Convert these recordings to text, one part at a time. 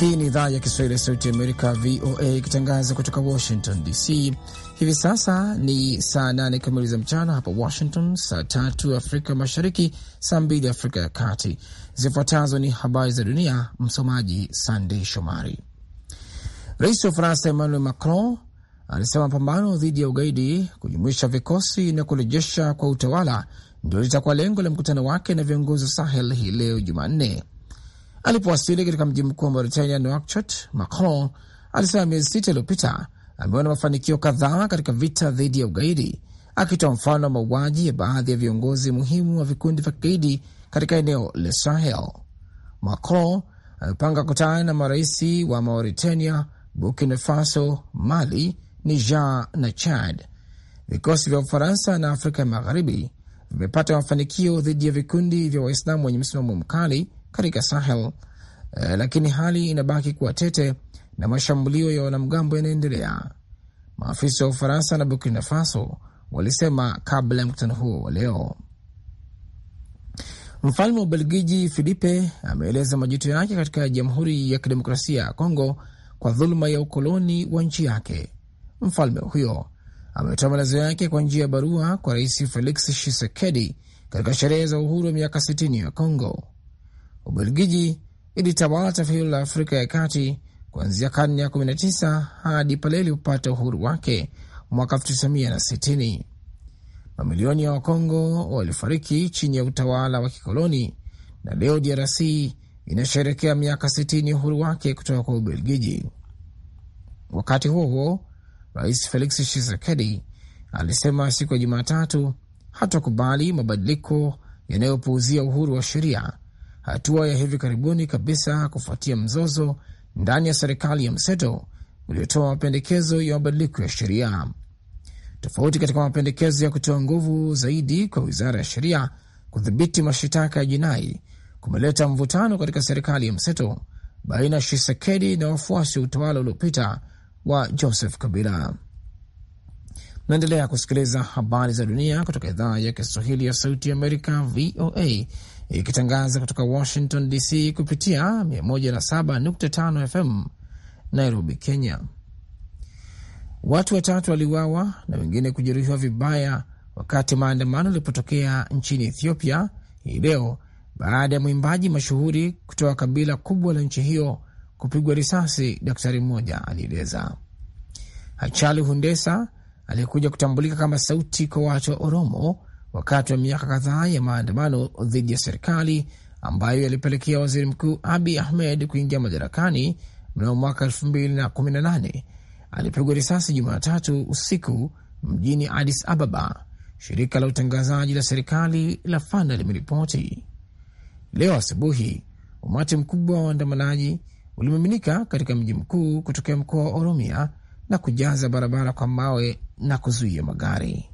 Hii ni idhaa ya Kiswahili ya Sauti Amerika, VOA, ikitangaza kutoka Washington DC. Hivi sasa ni saa nane kamili za mchana hapa Washington, saa tatu Afrika Mashariki, saa mbili Afrika ya Kati. Zifuatazo ni habari za dunia, msomaji Sandei Shomari. Rais wa Faransa Emmanuel Macron alisema mapambano dhidi ya ugaidi, kujumuisha vikosi na kurejesha kwa utawala ndio litakuwa lengo la mkutano wake na viongozi wa Sahel hii leo Jumanne. Alipowasili katika mji mkuu wa Mauritania, Nouakchott, Macron alisema miezi sita iliyopita ameona mafanikio kadhaa katika vita dhidi ya ugaidi, akitoa mfano wa mauaji ya baadhi ya viongozi muhimu wa vikundi vya kigaidi katika eneo la Sahel. Macron amepanga kutana na marais wa Mauritania, Burkina Faso, Mali, Niger na Chad. Vikosi vya Ufaransa na Afrika ya Magharibi vimepata mafanikio dhidi ya vikundi vya Waislamu wenye msimamo mkali katika Sahel eh, lakini hali inabaki kuwa tete na mashambulio ya wanamgambo yanaendelea. Maafisa wa Ufaransa na Burkina Faso walisema kabla ya mkutano huo wa leo. Mfalme wa Ubelgiji Filipe ameeleza majuto yake katika Jamhuri ya Kidemokrasia ya Kongo kwa dhuluma ya ukoloni wa nchi yake. Mfalme huyo ametoa maelezo yake kwa njia ya barua kwa Rais Felix Tshisekedi katika sherehe za uhuru wa miaka 60 ya Kongo. Ubelgiji ilitawala taifa hilo la Afrika ya kati kuanzia karne ya 19 hadi pale ilipopata uhuru wake mwaka 1960. Mamilioni ya Wakongo walifariki chini ya utawala wa kikoloni na leo DRC inasherekea miaka 60 ya uhuru wake kutoka kwa Ubelgiji. Wakati huo huo, Rais Felix Tshisekedi alisema siku ya Jumatatu hatakubali mabadiliko yanayopuuzia uhuru wa sheria hatua ya hivi karibuni kabisa kufuatia mzozo ndani ya serikali ya mseto uliotoa mapendekezo ya mabadiliko ya sheria. Tofauti katika mapendekezo ya kutoa nguvu zaidi kwa wizara ya sheria kudhibiti mashitaka ya jinai kumeleta mvutano katika serikali ya mseto baina ya Shisekedi na wafuasi wa utawala uliopita wa Joseph Kabila. Naendelea kusikiliza habari za dunia kutoka idhaa ya Kiswahili ya Sauti Amerika, VOA, ikitangaza kutoka Washington DC kupitia 107.5 FM Nairobi, Kenya. Watu watatu waliuawa na wengine kujeruhiwa vibaya wakati maandamano yalipotokea nchini Ethiopia hii leo baada ya mwimbaji mashuhuri kutoka kabila kubwa la nchi hiyo kupigwa risasi, daktari mmoja alieleza. Hachalu Hundesa aliyekuja kutambulika kama sauti kwa watu wa Oromo wakati wa miaka kadhaa ya maandamano dhidi ya serikali ambayo yalipelekea waziri mkuu Abi Ahmed kuingia madarakani mnamo mwaka 2018 alipigwa risasi Jumatatu usiku mjini adis Ababa, shirika la utangazaji la serikali la Fana limeripoti. Leo asubuhi umati mkubwa wa waandamanaji ulimiminika katika mji mkuu kutokea mkoa wa Oromia na kujaza barabara kwa mawe na kuzuia magari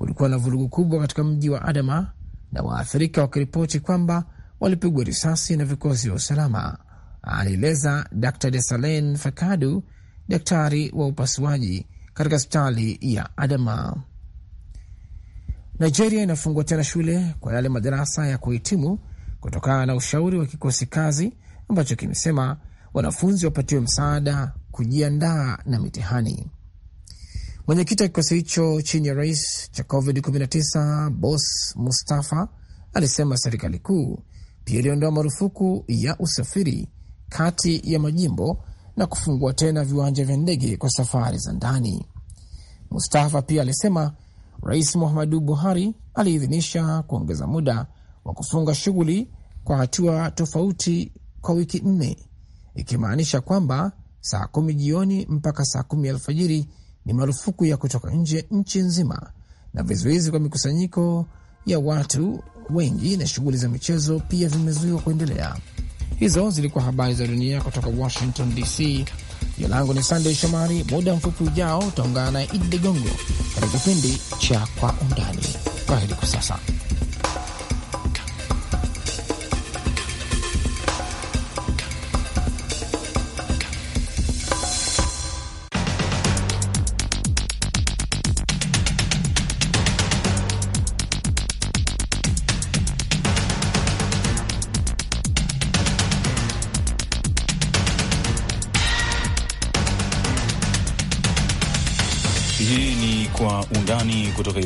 kulikuwa na vurugu kubwa katika mji wa Adama na waathirika wakiripoti kwamba walipigwa risasi na vikosi vya usalama, alieleza Dr Desalen Fakadu, daktari wa upasuaji katika hospitali ya Adama. Nigeria inafungua tena shule kwa yale madarasa ya kuhitimu kutokana na ushauri wa kikosi kazi ambacho kimesema wanafunzi wapatiwe msaada kujiandaa na mitihani. Mwenyekiti wa kikosi hicho chini ya rais cha COVID-19 Bos Mustafa alisema serikali kuu pia iliondoa marufuku ya usafiri kati ya majimbo na kufungua tena viwanja vya ndege kwa safari za ndani. Mustafa pia alisema Rais Muhammadu Buhari aliidhinisha kuongeza muda wa kufunga shughuli kwa hatua tofauti kwa wiki nne, ikimaanisha kwamba saa kumi jioni mpaka saa kumi alfajiri ni marufuku ya kutoka nje nchi nzima na vizuizi kwa mikusanyiko ya watu wengi na shughuli za michezo pia vimezuiwa kuendelea. Hizo zilikuwa habari za dunia kutoka Washington DC. Jina langu ni Sandey Shomari. Muda mfupi ujao utaungana na Idi Ligongo katika kipindi cha Kwa Undani. kwa Kwaheri kwa sasa.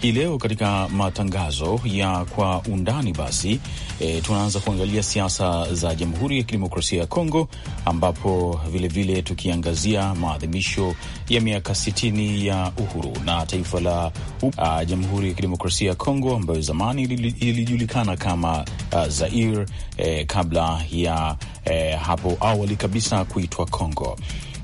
Hii leo katika matangazo ya kwa undani basi e, tunaanza kuangalia siasa za Jamhuri ya Kidemokrasia ya Kongo ambapo vilevile vile tukiangazia maadhimisho ya miaka 60 ya uhuru na taifa la Jamhuri ya Kidemokrasia ya Kongo ambayo zamani ilijulikana kama uh, Zaire e, kabla ya e, hapo awali kabisa kuitwa Kongo.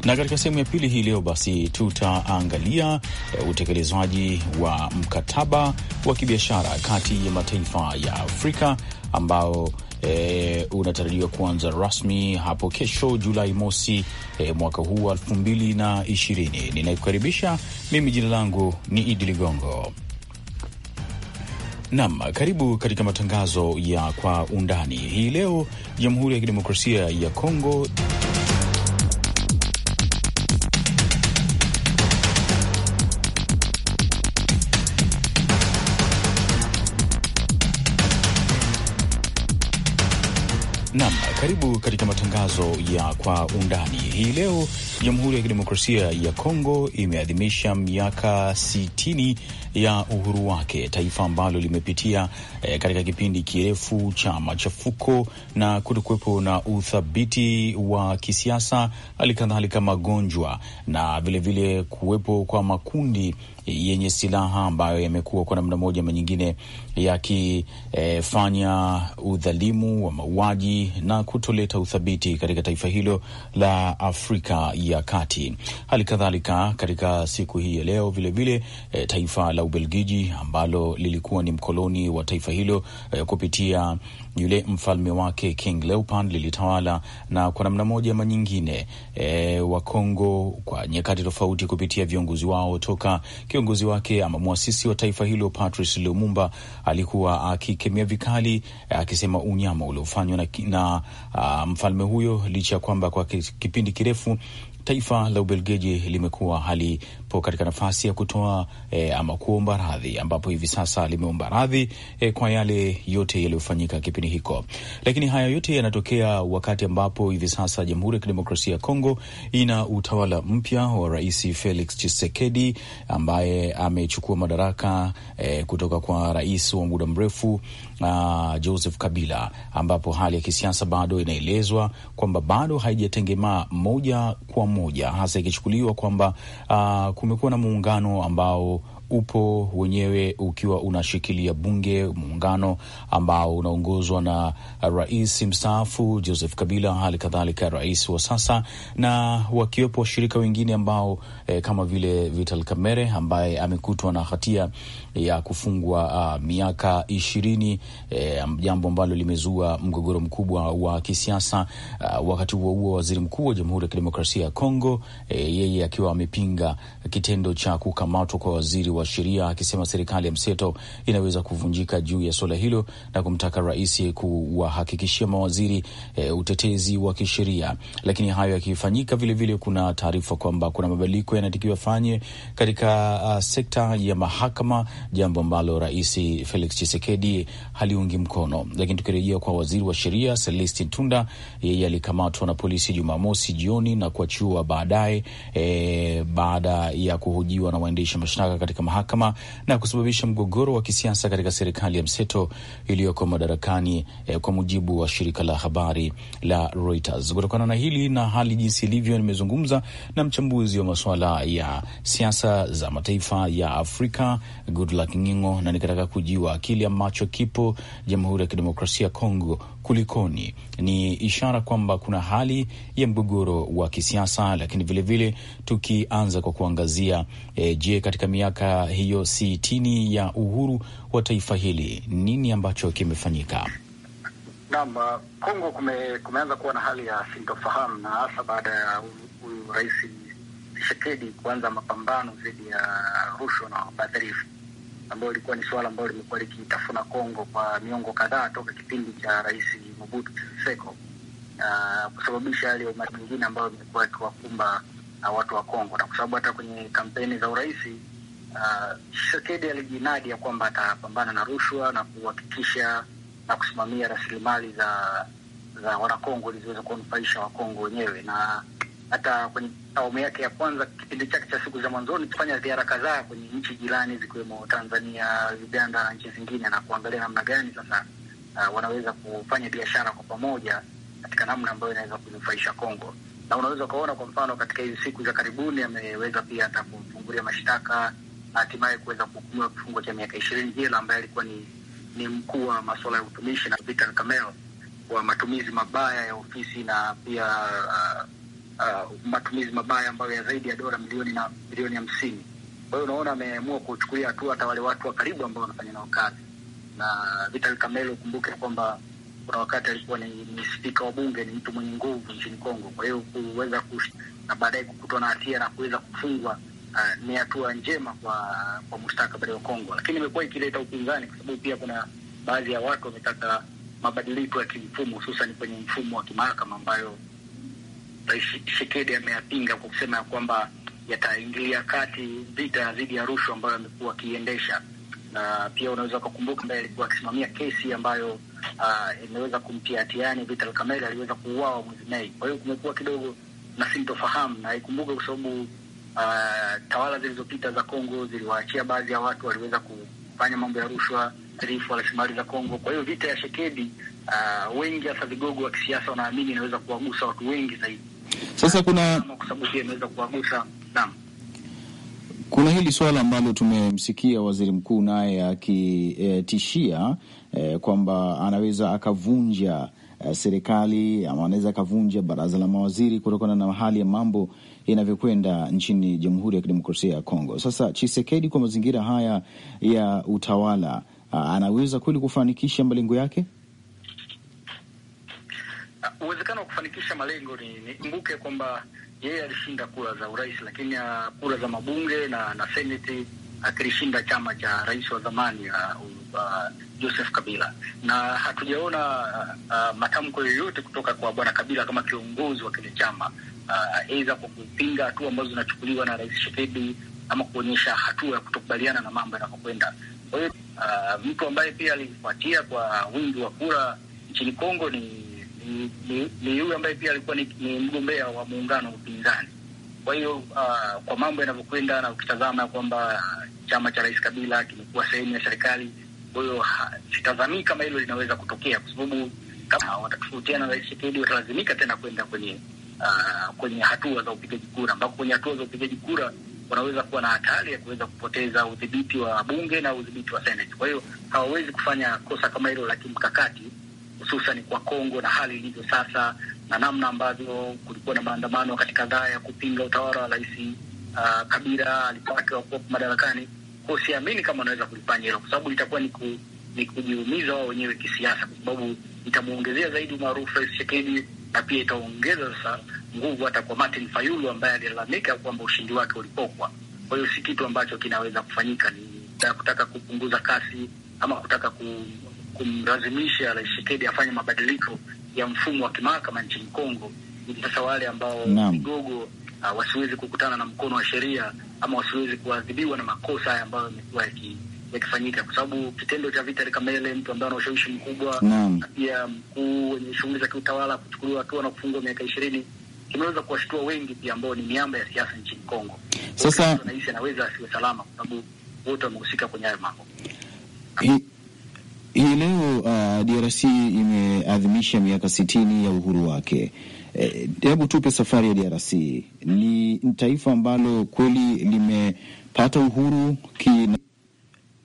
Na katika sehemu ya pili hii leo basi tutaangalia e, utekelezwaji wa mkataba wa kibiashara kati ya mataifa ya Afrika ambao E, unatarajiwa kuanza rasmi hapo kesho Julai mosi, e, mwaka huu elfu mbili na ishirini. Ninakukaribisha mimi, jina langu ni Idi Ligongo. Nam, karibu katika matangazo ya kwa undani hii leo. Jamhuri ya Kidemokrasia ya Kongo Nam, karibu katika matangazo ya kwa undani hii leo. Jamhuri ya Kidemokrasia ya Kongo imeadhimisha miaka sitini ya uhuru wake, taifa ambalo limepitia eh, katika kipindi kirefu cha machafuko na kutokuwepo na uthabiti wa kisiasa, hali kadhalika magonjwa na vilevile kuwepo kwa makundi yenye silaha ambayo yamekuwa kwa namna moja ama nyingine yakifanya e, udhalimu wa mauaji na kutoleta uthabiti katika taifa hilo la Afrika ya Kati. Hali kadhalika katika siku hii ya leo vilevile vile, e, taifa la Ubelgiji ambalo lilikuwa ni mkoloni wa taifa hilo e, kupitia yule mfalme wake King Leopold lilitawala na kwa namna moja ama nyingine e, wa Kongo kwa nyakati tofauti kupitia viongozi wao toka kiongozi wake ama mwasisi wa taifa hilo Patrice Lumumba alikuwa akikemea vikali akisema unyama uliofanywa na, na a, mfalme huyo licha ya kwamba kwa kipindi kirefu taifa la Ubelgiji limekuwa hali alipo katika nafasi ya kutoa e, ama kuomba radhi, ambapo hivi sasa limeomba radhi e, kwa yale yote yaliyofanyika kipindi hiko. Lakini haya yote yanatokea wakati ambapo hivi sasa Jamhuri ya Kidemokrasia ya Kongo ina utawala mpya wa Rais Felix Tshisekedi ambaye amechukua madaraka e, kutoka kwa rais wa muda mrefu Uh, Joseph Kabila ambapo hali ya kisiasa bado inaelezwa kwamba bado haijatengemaa moja kwa moja, hasa ikichukuliwa kwamba uh, kumekuwa na muungano ambao upo wenyewe ukiwa unashikilia bunge, muungano ambao unaongozwa na rais mstaafu Joseph Kabila, hali kadhalika rais wa sasa, na wakiwepo washirika wengine ambao eh, kama vile Vital Kamerhe ambaye amekutwa na hatia ya kufungwa uh, miaka ishirini, eh, jambo ambalo limezua mgogoro mkubwa wa kisiasa. Uh, wakati huo huo, waziri mkuu wa Jamhuri ya Kidemokrasia ya Kongo eh, yeye akiwa amepinga kitendo cha kukamatwa kwa waziri wa wa sheria akisema serikali ya mseto inaweza kuvunjika juu ya suala hilo na kumtaka rais kuwahakikishia mawaziri e, utetezi wa kisheria. Lakini hayo yakifanyika, vilevile kuna taarifa kwamba kuna mabadiliko yanatakiwa yafanye katika uh, sekta ya mahakama, jambo ambalo rais Felix Tshisekedi haliungi mkono. Lakini tukirejea kwa waziri wa sheria Celestin Tunda, yeye alikamatwa na polisi Jumamosi jioni na kuachiwa baadaye, e, baada ya kuhojiwa na waendesha mashtaka katika mahakama na kusababisha mgogoro wa kisiasa katika serikali ya mseto iliyoko madarakani eh, kwa mujibu wa shirika la habari la Reuters. Kutokana na hili na hali jinsi ilivyo, nimezungumza na mchambuzi wa masuala ya siasa za mataifa ya Afrika Goodluck Ngingo, na nikataka kujua kile ambacho kipo Jamhuri ya Kidemokrasia ya Kongo kulikoni. Ni ishara kwamba kuna hali ya mgogoro wa kisiasa, lakini vilevile tukianza kwa kuangazia e, je, katika miaka hiyo sitini ya uhuru wa taifa hili, nini ambacho kimefanyika? Naam, uh, Kongo kume, kumeanza kuwa na hali ya sintofahamu na hasa baada ya huyu rais Tshisekedi kuanza mapambano dhidi ya rushwa na ubadhirifu ambayo ilikuwa ni suala ambayo limekuwa likitafuna Kongo kwa miongo kadhaa toka kipindi cha rais Mobutu Seko na kusababisha yale mingine ambayo imekuwa ikiwakumba na watu wa Kongo, na kwa sababu hata kwenye kampeni za urais uh, alijinadi ya kwamba atapambana na rushwa na kuhakikisha na kusimamia rasilimali za za Wanakongo ili ziweze kuwanufaisha Wakongo wenyewe. Na hata kwenye awamu yake ya kwanza, kipindi chake cha siku za mwanzoni, kufanya ziara kadhaa kwenye nchi jirani zikiwemo Tanzania, Uganda na nchi zingine, na kuangalia namna gani sasa uh, wanaweza kufanya biashara kwa pamoja katika namna ambayo inaweza kunufaisha Kongo. Na unaweza ukaona kwa mfano katika hizi siku za karibuni ameweza pia hata kumfungulia mashtaka hatimaye kuweza kuhukumiwa kifungo cha miaka ishirini jela, ambaye alikuwa ni, ni mkuu wa masuala ya utumishi na Vital Kamerhe kwa matumizi mabaya ya ofisi na pia uh, uh, matumizi mabaya ambayo ya zaidi ya dola milioni na milioni hamsini. Kwa hiyo unaona, ameamua kuchukulia hatua hata wale watu wa karibu ambao wanafanya nao kazi na Vital Kamerhe. Ukumbuke kwamba kuna wakati alikuwa ni, ni spika wa bunge, ni mtu mwenye nguvu nchini Kongo. Kwa hiyo kuweza na baadaye kukutwa na hatia na kuweza kufungwa uh, ni hatua njema kwa kwa mustakabali wa Kongo, lakini imekuwa ikileta upinzani, kwa sababu pia kuna baadhi ya watu wametaka mabadiliko ya kimfumo, hususan kwenye mfumo wa kimahakama ambayo Tshisekedi ameyapinga kwa kusema ya kwamba yataingilia kati vita dhidi ya rushwa ambayo amekuwa akiiendesha. Na pia unaweza ukakumbuka ambaye alikuwa akisimamia kesi ambayo uh, imeweza kumtia hatiani Vital Kamerhe, aliweza kuuawa mwezi Mei. Kwa hiyo kumekuwa kidogo na sintofahamu, na ikumbuke kwa sababu Uh, tawala zilizopita za Kongo ziliwaachia baadhi ya watu waliweza kufanya mambo ya rushwa rifu wa rasilimali za Kongo. Kwa hiyo vita ya Shekedi, uh, wengi hasa vigogo wa kisiasa wanaamini inaweza kuwagusa watu wengi zaidi. Sasa kuna ah, kwa sababu inaweza kuwagusa naam, kuna hili swala ambalo tumemsikia waziri mkuu naye akitishia eh, eh, kwamba anaweza akavunja Eh, serikali ama wanaweza akavunja baraza la mawaziri kutokana na hali ya mambo inavyokwenda nchini Jamhuri ya Kidemokrasia ya Kongo. Sasa Chisekedi, kwa mazingira haya ya utawala eh, anaweza kweli kufanikisha malengo yake? Uwezekano wa kufanikisha malengo ni, nikumbuke kwamba yeye alishinda kura za urais, lakini eh, kura za mabunge na, na seneti akilishinda chama cha rais wa zamani uh, uh, Joseph Kabila, na hatujaona uh, uh matamko yoyote kutoka kwa bwana Kabila kama kiongozi wa kile chama aidha uh, kwa kupinga hatua ambazo zinachukuliwa na rais Tshisekedi ama kuonyesha hatua ya kutokubaliana na mambo yanavyokwenda. Kwa hiyo uh, mtu ambaye pia alifuatia kwa wingi wa kura nchini Kongo ni ni, ni, ni yule ambaye pia alikuwa ni, ni mgombea wa muungano wa upinzani kwa hiyo uh, kwa mambo yanavyokwenda na ukitazama ya kwamba chama cha Rais Kabila kimekuwa sehemu ya serikali, kwa hiyo sitazamii kama hilo linaweza kutokea, kwa sababu kama watatofautiana na Rais Tshisekedi watalazimika tena kwenda kwenye uh, kwenye hatua za upigaji kura, ambapo kwenye hatua za upigaji kura wanaweza kuwa na hatari ya kuweza kupoteza udhibiti wa bunge na udhibiti wa seneti. Kwa hiyo hawawezi kufanya kosa kama hilo la kimkakati, hususan kwa Kongo na hali ilivyo sasa na namna ambavyo kulikuwa na maandamano katika kadhaa ya kupinga utawala wa Rais uh, Kabila alipokuwa madarakani. Kwa siamini kama anaweza kulifanya hilo, kwa sababu itakuwa ni, ku, ni kujiumiza wao wenyewe kisiasa, kwa sababu itamuongezea zaidi umaarufu Rais Chekedi na pia itaongeza sasa nguvu hata kwa Martin Fayulu ambaye alilalamika kwamba ushindi wake ulipokwa. Kwa hiyo si kitu ambacho kinaweza kufanyika, ni kutaka kupunguza kasi ama kutaka kum, kumlazimisha Rais Chekedi afanye mabadiliko ya mfumo wa kimahakama nchini Kongo, ili sasa wale ambao vigogo uh, wasiwezi kukutana na mkono wa sheria ama wasiwezi kuadhibiwa na makosa haya ambayo yamekuwa yaki yakifanyika kwa sababu kitendo cha Vitali Kamele, mtu ambaye ana ushawishi mkubwa na pia mkuu wenye shughuli za kiutawala, kuchukuliwa akiwa na kufungwa miaka ishirini kimeweza kuwashtua wengi pia ambao ni miamba ya siasa nchini Kongo. Sasa anahisi anaweza asiwe salama, kwa sababu wote wamehusika kwenye hayo mambo. Hii leo uh, DRC imeadhimisha miaka sitini ya uhuru wake. Eh, hebu e, tupe safari ya DRC. Ni taifa ambalo kweli limepata uhuru kina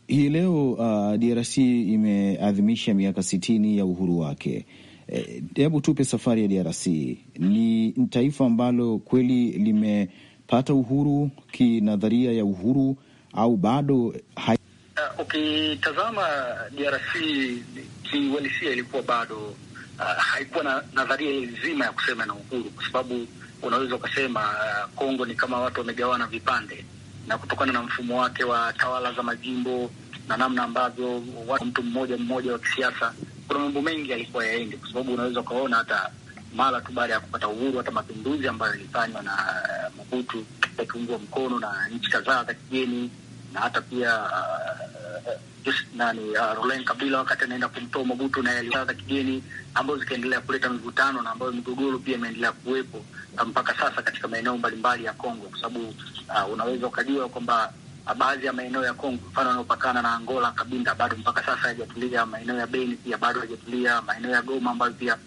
hii leo uh, DRC imeadhimisha miaka sitini ya uhuru wake. Eh, hebu e, tupe safari ya DRC. Ni taifa ambalo kweli limepata uhuru kinadharia ya uhuru au bado hai ukitazama DRC kiuhalisia ilikuwa bado uh, haikuwa na nadharia nzima ya kusema na uhuru, kwa sababu unaweza ukasema ah, Kongo uh, ni kama watu wamegawana vipande, na kutokana na mfumo wake wa tawala za majimbo na namna ambavyo watu mtu mmoja mmoja wa kisiasa, kuna mambo mengi yalikuwa yaende, kwa sababu unaweza ukaona hata mara tu baada ya kupata uhuru, hata mapinduzi ambayo yalifanywa na ah, Mobutu yakiungwa mkono na nchi kadhaa za kigeni na hata pia uh, nani uh, Laurent Kabila wakati anaenda kumtoa Mobutu na yaliwaa za kigeni ambazo zikaendelea kuleta mivutano na ambayo migogoro pia imeendelea kuwepo uh, mpaka sasa katika maeneo mbalimbali ya Kongo, kwa sababu uh, unaweza ukajua kwamba uh, baadhi ya maeneo ya Kongo mfano yanayopakana na Angola, Kabinda bado mpaka sasa hayajatulia. Maeneo ya Beni pia bado hayajatulia. Maeneo ya Goma ambayo pia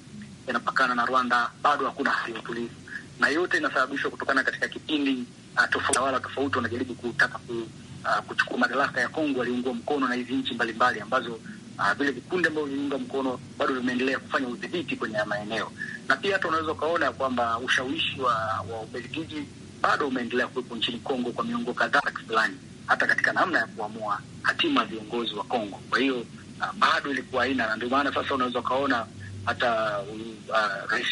yanapakana na Rwanda bado hakuna hali ya utulivu, na yote inasababishwa kutokana katika kipindi uh, tofauti, tawala tofauti wanajaribu kutaka ku uh, kuchukua madaraka ya Kongo aliungua mkono na hizi nchi mbalimbali ambazo uh, vile vikundi ambavyo viliunga mkono bado vimeendelea kufanya udhibiti kwenye maeneo, na pia hata unaweza ukaona kwamba ushawishi wa, wa Ubelgiji bado umeendelea kuwepo nchini Kongo kwa miongo kadhaa fulani, hata katika namna ya kuamua hatima ya viongozi wa Kongo. Kwa hiyo uh, bado ilikuwa aina, na ndio maana sasa unaweza ukaona hata uh, Rais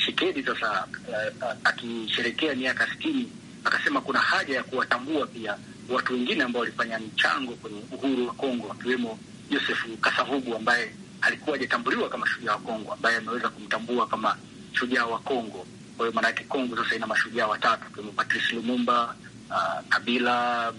sasa uh, uh, akisherekea miaka sitini akasema kuna haja ya kuwatambua pia watu wengine ambao walifanya mchango kwenye uhuru wa Kongo, akiwemo Joseph Kasavugu ambaye alikuwa hajatambuliwa kama shujaa wa Kongo, ambaye ameweza kumtambua kama shujaa wa Kongo. Kwa hiyo maanake Kongo sasa ina mashujaa watatu akiwemo Patrice Lumumba, uh, Kabila,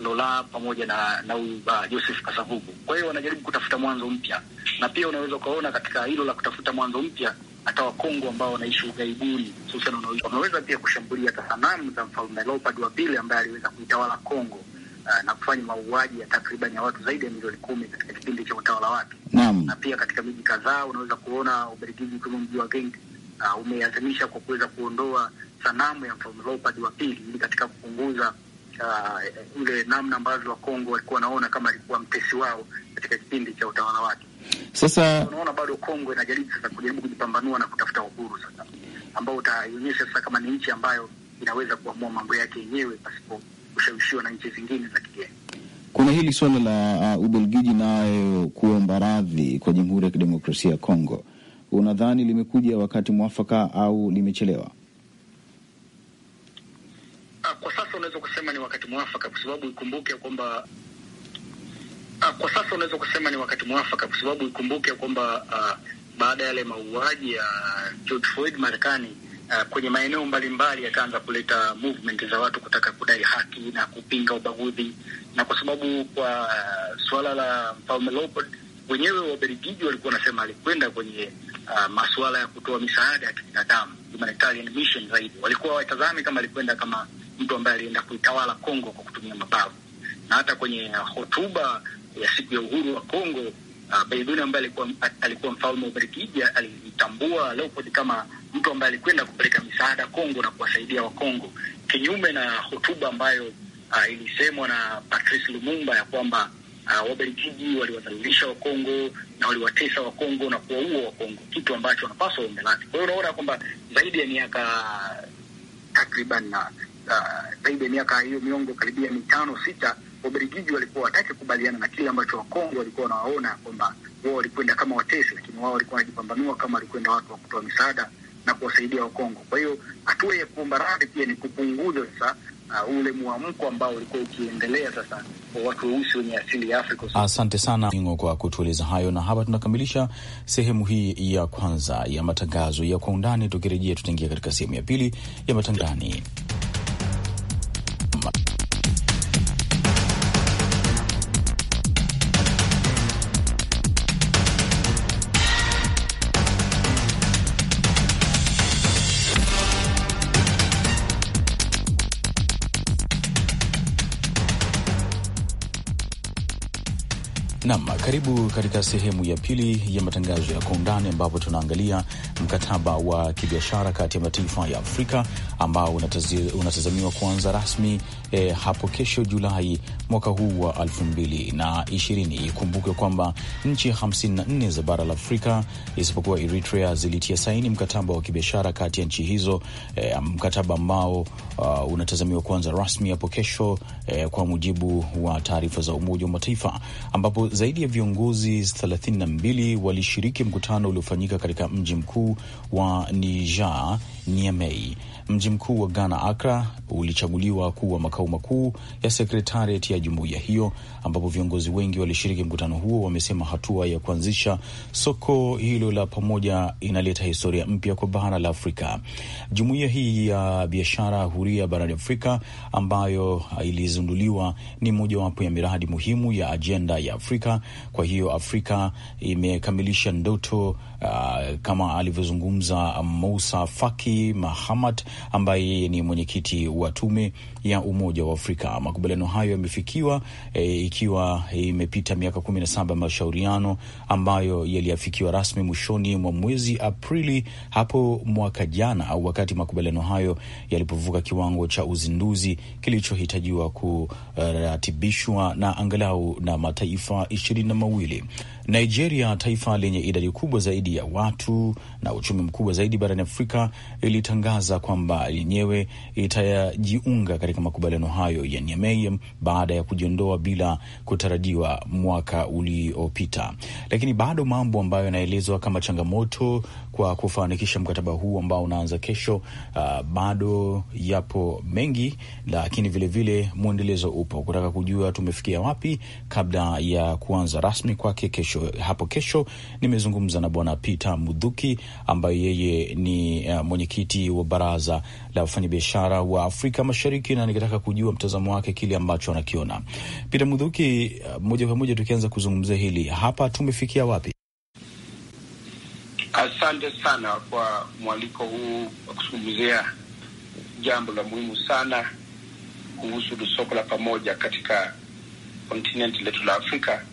Lola pamoja na na huyu uh, Joseph Kasavugu. Kwa hiyo wanajaribu kutafuta mwanzo mpya, na pia unaweza ukaona katika hilo la kutafuta mwanzo mpya hata Wakongo ambao wanaishi ughaibuni hususan wameweza pia kushambulia hata sanamu za mfalme Leopold wa pili ambaye aliweza kuitawala Kongo uh, na kufanya mauaji ya takriban ya watu zaidi ya milioni kumi katika kipindi cha utawala wake. Naam. Na pia katika miji kadhaa unaweza kuona Ubelgiji kama mji wa Genk uh, umeazimisha kwa kuweza kuondoa sanamu ya mfalme Leopold wa pili ili katika kupunguza uh, namna ambavyo Wakongo walikuwa wanaona kama alikuwa mtesi wao katika kipindi cha utawala wake. Sasa unaona bado Kongo inajaribu sasa kujaribu kujipambanua na kutafuta uhuru sasa, ambao utaonyesha sasa kama ni nchi ambayo inaweza kuamua mambo yake yenyewe pasipo kushawishiwa na nchi zingine za kigeni. Kuna hili suala la uh, Ubelgiji nayo kuomba radhi kwa Jamhuri ya Kidemokrasia ya Kongo, unadhani limekuja wakati mwafaka au limechelewa? Ah, kwa sasa unaweza kusema ni wakati mwafaka, kwa sababu ikumbuke kwamba Ah, kwa sasa unaweza kusema ni wakati mwafaka kwa sababu ikumbuke kwamba uh, baada ya yale mauaji ya uh, George Floyd Marekani, uh, kwenye maeneo mbalimbali yakaanza kuleta movement za watu kutaka kudai haki na kupinga ubaguzi, na kwa sababu kwa uh, suala la Mfalme Leopold wenyewe Waberigiji walikuwa wanasema alikwenda kwenye uh, masuala ya kutoa misaada ya kibinadamu humanitarian mission, zaidi walikuwa watazami kama alikwenda kama mtu ambaye alienda kuitawala Kongo kwa kutumia mabavu, na hata kwenye hotuba ya siku ya uhuru wa Kongo uh, ambaye alikuwa, alikuwa mfalme wa Ubelgiji alimtambua Leopold kama mtu ambaye alikwenda kupeleka misaada Kongo na kuwasaidia Wakongo, kinyume na hotuba ambayo uh, ilisemwa na Patrice Lumumba ya kwamba uh, Wabelgiji waliwadhalilisha Wakongo na waliwatesa Wakongo na kuwaua Wakongo, kitu ambacho wanapaswa wamelati. Kwa hiyo unaona kwamba zaidi ya miaka takriban na uh, uh, zaidi ya miaka hiyo miongo karibia mitano sita Wabelgiji walikuwa wataki kubaliana na kile ambacho Wakongo walikuwa wanawaona kwamba wao walikwenda kama watesi, lakini wao walikuwa wanajipambanua kama walikwenda watu wa kutoa misaada na kuwasaidia Wakongo. Kwa hiyo hatua ya kuomba radhi pia ni kupunguza sasa Uh, ule mwamko ambao ulikuwa ukiendelea sasa kwa watu weusi wenye asili ya Afrika. Asante sana kwa kutueleza hayo, na hapa tunakamilisha sehemu hii ya kwanza ya matangazo ya kwa undani. Tukirejea tutaingia katika sehemu ya pili ya matangani. Karibu katika sehemu ya pili ya matangazo ya kwa undani, ambapo tunaangalia mkataba wa kibiashara kati ya mataifa ya Afrika ambao unatazamiwa kuanza rasmi eh, hapo kesho Julai mwaka huu wa 2020. Ikumbukwe kwamba nchi 54 za bara la Afrika isipokuwa Eritrea zilitia saini mkataba wa kibiashara kati ya nchi hizo, eh, mkataba ambao uh, unatazamiwa kuanza rasmi hapo kesho eh, kwa mujibu wa taarifa za Umoja wa Mataifa, ambapo zaidi ya viongozi 32 walishiriki mkutano uliofanyika katika mji mkuu wa Niger, Niamey. Mji mkuu wa Ghana, acra ulichaguliwa kuwa makao makuu ya sekretariat ya jumuiya hiyo, ambapo viongozi wengi walishiriki mkutano huo wamesema hatua ya kuanzisha soko hilo la pamoja inaleta historia mpya kwa bara la Afrika. Jumuiya hii ya biashara huria barani Afrika ambayo ilizinduliwa ni mojawapo ya miradi muhimu ya ajenda ya Afrika. Kwa hiyo Afrika imekamilisha ndoto uh, kama alivyozungumza Mousa Faki Mahamat ambaye yeye ni mwenyekiti wa tume ya Umoja wa Afrika. Makubaliano hayo yamefikiwa e, ikiwa imepita miaka kumi na saba mashauriano ambayo yaliafikiwa rasmi mwishoni mwa mwezi Aprili hapo mwaka jana, au wakati makubaliano hayo yalipovuka kiwango cha uzinduzi kilichohitajiwa kuratibishwa na angalau na mataifa ishirini na mawili. Nigeria, taifa lenye idadi kubwa zaidi ya watu na uchumi mkubwa zaidi barani Afrika, ilitangaza kwamba yenyewe itajiunga katika makubaliano hayo ya Niamey baada ya kujiondoa bila kutarajiwa mwaka uliopita, lakini bado mambo ambayo yanaelezwa kama changamoto kwa kufanikisha mkataba huu ambao unaanza kesho, uh, bado yapo mengi, lakini vilevile mwendelezo upo kutaka kujua tumefikia wapi kabla ya kuanza rasmi kwake kesho kesho, hapo kesho. Nimezungumza na Bwana Peter Mudhuki ambaye yeye ni uh, mwenyekiti wa baraza la wafanyabiashara wa Afrika Mashariki, na nikitaka kujua mtazamo wake kile ambacho anakiona. Peter Mudhuki, uh, eh, moja kwa moja tukianza kuzungumzia hili hapa, tumefikia wapi? Asante sana kwa mwaliko huu wa kuzungumzia jambo la muhimu sana kuhusu soko la pamoja katika kontinenti letu la Afrika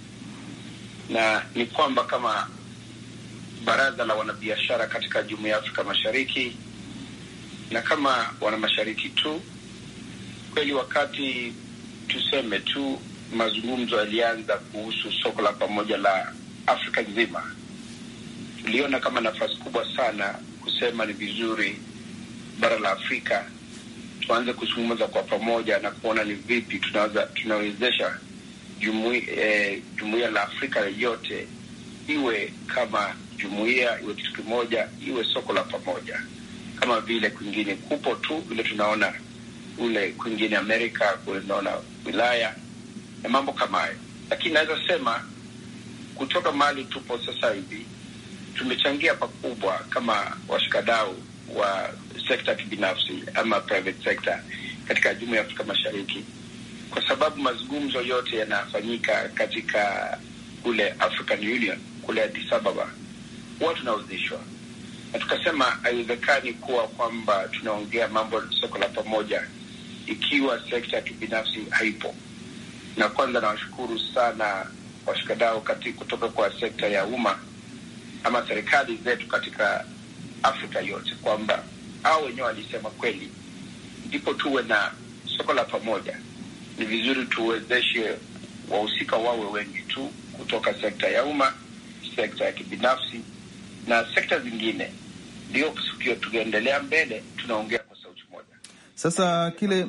na ni kwamba kama baraza la wanabiashara katika jumuiya ya Afrika Mashariki na kama wanamashariki tu kweli, wakati tuseme tu mazungumzo yalianza kuhusu soko la pamoja la Afrika nzima, tuliona kama nafasi kubwa sana kusema ni vizuri bara la Afrika tuanze kuzungumza kwa pamoja na kuona ni vipi tunaweza tunawezesha jumuiya eh, jumuiya la Afrika yote iwe kama jumuiya, iwe kitu kimoja, iwe soko la pamoja, kama vile kwingine kupo tu vile tunaona kule kwingine Amerika, kule tunaona wilaya na mambo kama hayo, lakini naweza sema kutoka mahali tupo sasa hivi tumechangia pakubwa kama washikadau wa sekta kibinafsi ama private sector katika jumuiya ya Afrika Mashariki kwa sababu mazungumzo yote yanafanyika katika kule African Union kule Addis Ababa, huwa tunauzishwa na tukasema haiwezekani kuwa kwamba tunaongea mambo soko la pamoja ikiwa sekta ya kibinafsi haipo. Na kwanza nawashukuru sana washikadau kutoka kwa sekta ya umma ama serikali zetu katika Afrika yote kwamba hao wenyewe walisema kweli, ndipo tuwe na soko la pamoja ni vizuri tuwezeshe wahusika wawe wengi tu kutoka sekta ya umma, sekta ya kibinafsi na sekta zingine, ndio tukiwa tukiendelea mbele tunaongea kwa sauti moja. Sasa kile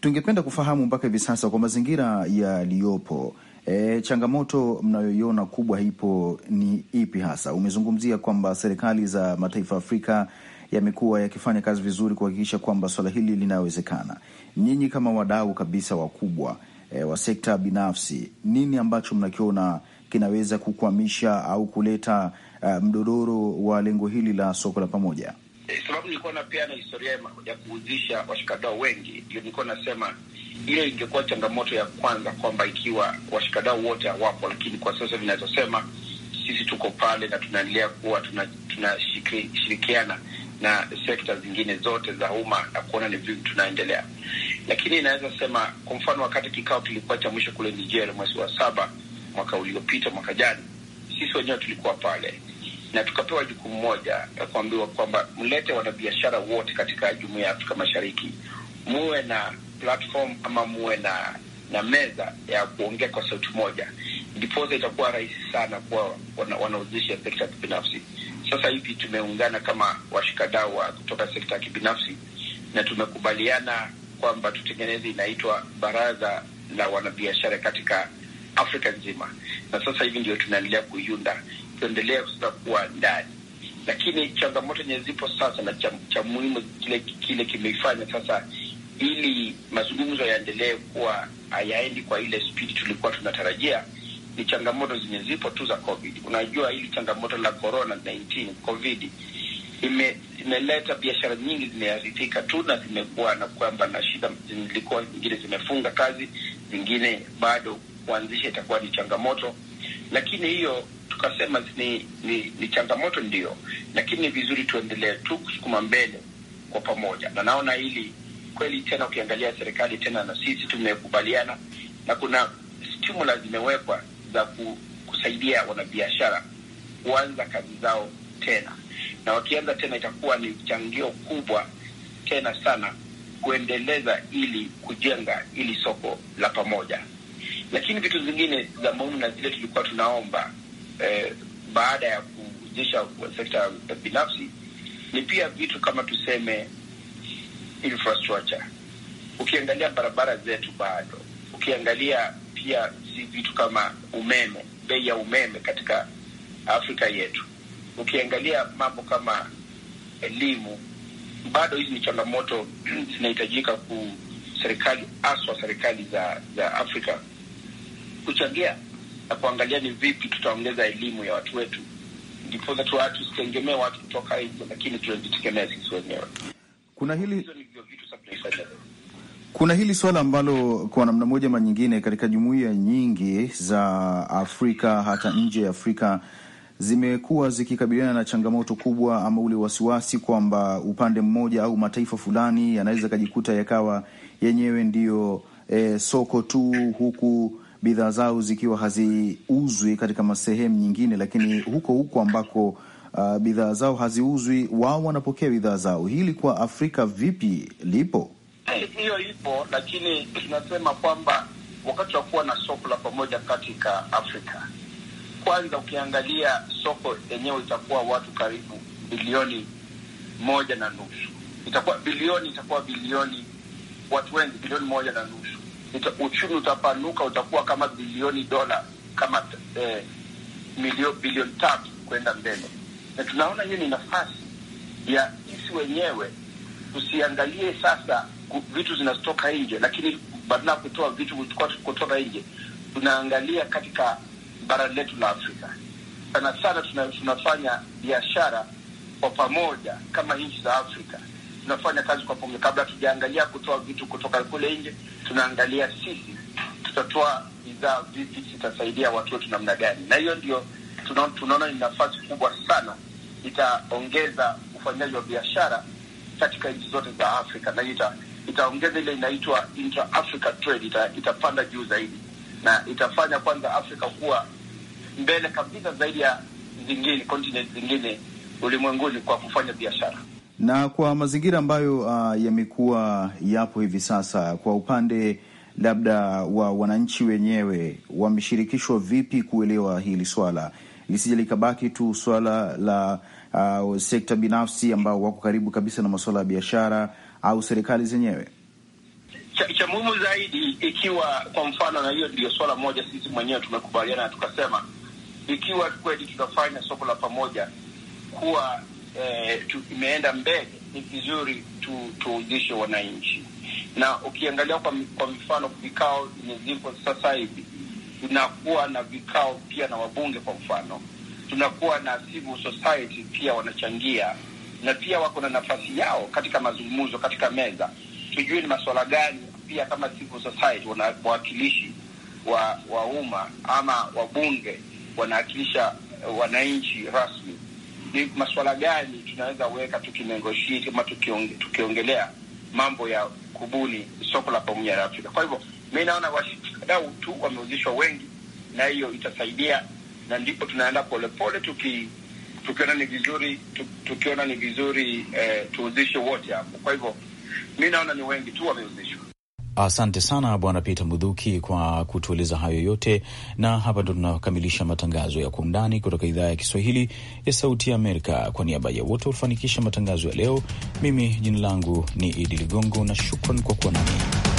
tungependa kufahamu mpaka hivi sasa kwa mazingira yaliyopo, e, changamoto mnayoiona kubwa ipo ni ipi hasa? Umezungumzia kwamba serikali za mataifa Afrika yamekuwa yakifanya kazi vizuri kuhakikisha kwamba swala hili linawezekana. Nyinyi kama wadau kabisa wakubwa e, wa sekta binafsi, nini ambacho mnakiona kinaweza kukwamisha au kuleta uh, eh, mdodoro wa lengo hili la soko la pamoja? E, sababu nilikuwa na pia na historia ya kuhuzisha washikadau wengi, ndio nilikuwa nasema hiyo ingekuwa changamoto ya kwanza, kwamba ikiwa washikadau wote hawapo, lakini kwa sasa vinazosema sisi tuko pale na tunaendelea kuwa tunashirikiana tuna na sekta zingine zote za umma na kuona ni vipi tunaendelea. Lakini inaweza sema kwa mfano, wakati kikao kilikuwa cha mwisho kule Niger mwezi wa saba mwaka uliopita, mwaka jana, sisi wenyewe tulikuwa pale na tukapewa jukumu moja ya kuambiwa kwamba mlete wanabiashara wote katika jumuiya ya Afrika Mashariki, muwe na platform ama muwe na na meza ya kuongea kwa sauti moja, ndipo itakuwa rahisi sana kwa wanaozisha sekta binafsi. Sasa hivi tumeungana kama washikadau wa kutoka sekta ya kibinafsi na tumekubaliana kwamba tutengeneze inaitwa baraza la wanabiashara katika Afrika nzima, na sasa hivi ndio tunaendelea kuiunda, tuendelea sasa kuwa ndani, lakini changamoto yenye zipo sasa na cha, cha muhimu kile kile kimeifanya sasa, ili mazungumzo yaendelee kuwa hayaendi kwa ile spidi tulikuwa tunatarajia ni changamoto zenye zipo tu za COVID. Unajua hili changamoto la corona 19 COVID ime, imeleta biashara nyingi zimeharibika tu na zimekuwa na kwamba na shida, zilikuwa zingine zimefunga kazi, zingine bado kuanzisha itakuwa ni changamoto, lakini hiyo tukasema ni, ni, ni changamoto ndio, lakini ni vizuri tuendelee tu kusukuma mbele kwa pamoja, na naona hili kweli tena, ukiangalia serikali tena na sisi tumekubaliana na kuna stimula zimewekwa za kusaidia wanabiashara kuanza kazi zao tena, na wakianza tena itakuwa ni mchangio kubwa tena sana kuendeleza ili kujenga ili soko la pamoja. Lakini vitu zingine za muhimu na zile tulikuwa tunaomba eh, baada ya kuuzisha sekta binafsi ni pia vitu kama tuseme infrastructure. Ukiangalia barabara zetu bado, ukiangalia pia si vitu kama umeme, bei ya umeme katika Afrika yetu. Ukiangalia mambo kama elimu, bado hizi ni changamoto zinahitajika ku serikali haswa serikali za za Afrika kuchangia na kuangalia ni vipi tutaongeza elimu ya watu wetu, ndiposa tusitegemee watu kutoka nje, lakini tujitegemee sisi wenyewe. Kuna hili hizo vitu sasa kuna hili suala ambalo kwa namna moja ma nyingine katika jumuiya nyingi za Afrika hata nje ya Afrika zimekuwa zikikabiliana na changamoto kubwa ama ule wasiwasi kwamba upande mmoja au mataifa fulani yanaweza kajikuta yakawa yenyewe ndiyo e, soko tu, huku bidhaa zao zikiwa haziuzwi katika masehemu nyingine, lakini huko huko ambako uh, bidhaa zao haziuzwi, wao wanapokea bidhaa zao. Hili kwa Afrika vipi lipo? hiyo ipo, lakini tunasema kwamba wakati wa kuwa na soko la pamoja katika Afrika, kwanza ukiangalia soko yenyewe itakuwa watu karibu bilioni moja na nusu itakuwa bilioni itakuwa bilioni watu wengi bilioni moja na nusu Ita, uchumi utapanuka utakuwa kama bilioni dola kama eh, milio, bilioni tatu kwenda mbele, na tunaona hiyo ni nafasi ya sisi wenyewe tusiangalie sasa vitu zinatoka nje, lakini badala ya kutoa vitu kutoka nje, tunaangalia katika bara letu la Afrika. Sana sana tunafanya biashara kwa pamoja kama nchi za Afrika, tunafanya kazi kwa pamoja. Kabla tujaangalia kutoa vitu kutoka kule nje, tunaangalia sisi tutatoa bidhaa vipi, zitasaidia watu wetu namna gani, na hiyo ndio tunaona ni nafasi kubwa sana, itaongeza ufanyaji wa biashara katika nchi zote za Afrika na ita itaongeza ile inaitwa intra Africa trade ita, itapanda juu zaidi na itafanya kwanza Afrika kuwa mbele kabisa zaidi ya zingine continent zingine ulimwenguni kwa kufanya biashara na kwa mazingira ambayo uh, yamekuwa yapo hivi sasa, kwa upande labda wa wananchi wenyewe wameshirikishwa vipi kuelewa hili swala lisije likabaki tu swala la uh, sekta binafsi ambao wako karibu kabisa na masuala ya biashara au serikali zenyewe? Cha, cha muhimu zaidi ikiwa kwa mfano, na hiyo ndio swala moja sisi mwenyewe tumekubaliana na tukasema, ikiwa kweli tutafanya soko la pamoja kuwa eh, imeenda mbele, ni vizuri tuuzishe tu wananchi, na ukiangalia kwa, kwa mfano vikao vyenye sasa hivi, tunakuwa na vikao pia na wabunge, kwa mfano tunakuwa na civil society pia wanachangia na pia wako na nafasi yao katika mazungumzo, katika meza. Tujue ni masuala gani pia kama civil society, wana wawakilishi wa wa umma ama wabunge wanawakilisha wananchi rasmi, ni masuala gani tunaweza weka tukinegotiate ama tukionge, tukiongelea mambo ya kubuni soko la pamoja la Afrika. Kwa hivyo mi naona washikadau tu wameuzishwa wengi, na hiyo itasaidia, na ndipo tunaenda polepole tuki tukiona ni vizuri tukiona ni vizuri eh, tuhuzishe wote hapo. Kwa hivyo mi naona ni wengi tu wamehuzishwa. Asante sana Bwana Peter Mudhuki kwa kutueleza hayo yote, na hapa ndo tunakamilisha matangazo ya Kwa Undani kutoka idhaa ya Kiswahili ya Sauti ya Amerika. Kwa niaba ya wote waliofanikisha matangazo ya leo, mimi jina langu ni Idi Ligongo na shukran kwa kuwa nami.